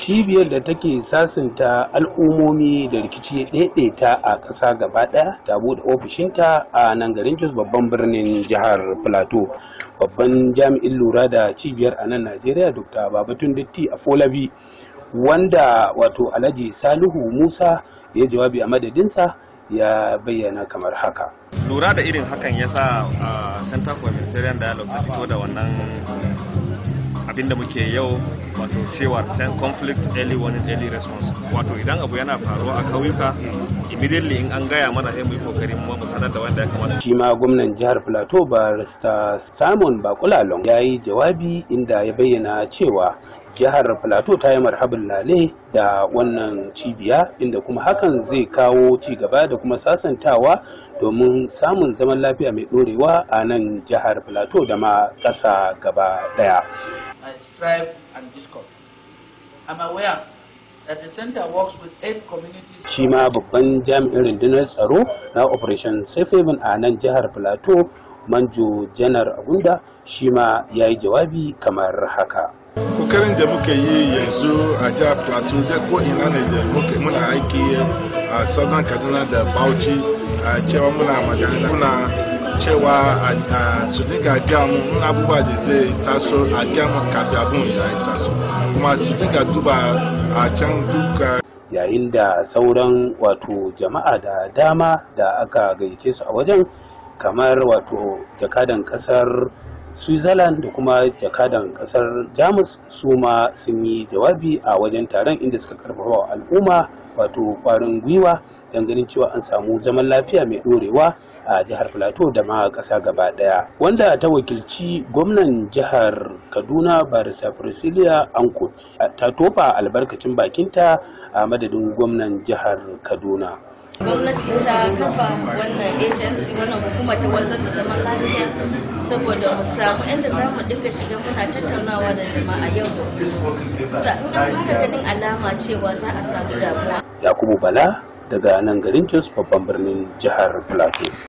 cibiyar da take sasanta al'ummomi da rikici ɗaiɗaita a ƙasa gaba ɗaya ta buɗe ofishinta a nan garin jos babban birnin jihar plateau babban jami'in lura da cibiyar a nan najeriya dr babatun datti a folabi wanda wato alhaji salihu musa ya jawabi a madadinsa ya bayyana kamar haka lura da irin hakan ya sa uh, center for humanitarian dialogue ta fito da wannan abinda muke yau wato sewar sen conflict early warning early response wato idan abu yana faruwa a kauyuka immediately in an gaya mana sai mu yi kokari mu sanar da wanda ya kamata shi ma gwamnan jihar plateau barista simon bakulalong ya yi jawabi inda ya bayyana cewa jihar plateau ta yi marhabin lale da wannan cibiya inda kuma hakan zai kawo ci gaba da kuma sasantawa domin samun zaman lafiya mai ɗorewa a nan jihar plateau da ma ƙasa gaba daya Shi ma babban jami'in rundunar tsaro na Operation Safe Haven a nan jihar Plateau, Manjo Janar Agunda, shi ma ya yi jawabi kamar haka. kokarin da muka yi yanzu a jihar plateau da ko ina ne da muna aiki a southern kaduna da bauchi a cewa muna magana muna cewa su dinga gaya mu muna abubuwa da zai taso a gaya mu kafin abin ya taso kuma su dinga duba a can duka yayin da sauran wato jama'a da dama da aka gayyace su a wajen kamar wato jakadan kasar switzerland da kuma jakadan kasar jamus su ma sun yi jawabi a wajen taron inda suka karfafa wa al'umma wato kwarin gwiwa don ganin cewa an samu zaman lafiya mai dorewa a jihar plateau da ma kasa gaba daya wanda ta wakilci gwamnan jihar kaduna barisa priscilla anko ta tofa albarkacin bakinta a madadin gwamnan jihar kaduna gwamnati ta kafa wannan agency wannan hukuma ta wazar da zaman lafiya saboda mu samu inda za mu dinga shiga muna tattaunawa da jama'a yau da in an fara ganin alama cewa za a samu damuwa yakubu bala daga nan garin jos babban birnin jihar plateau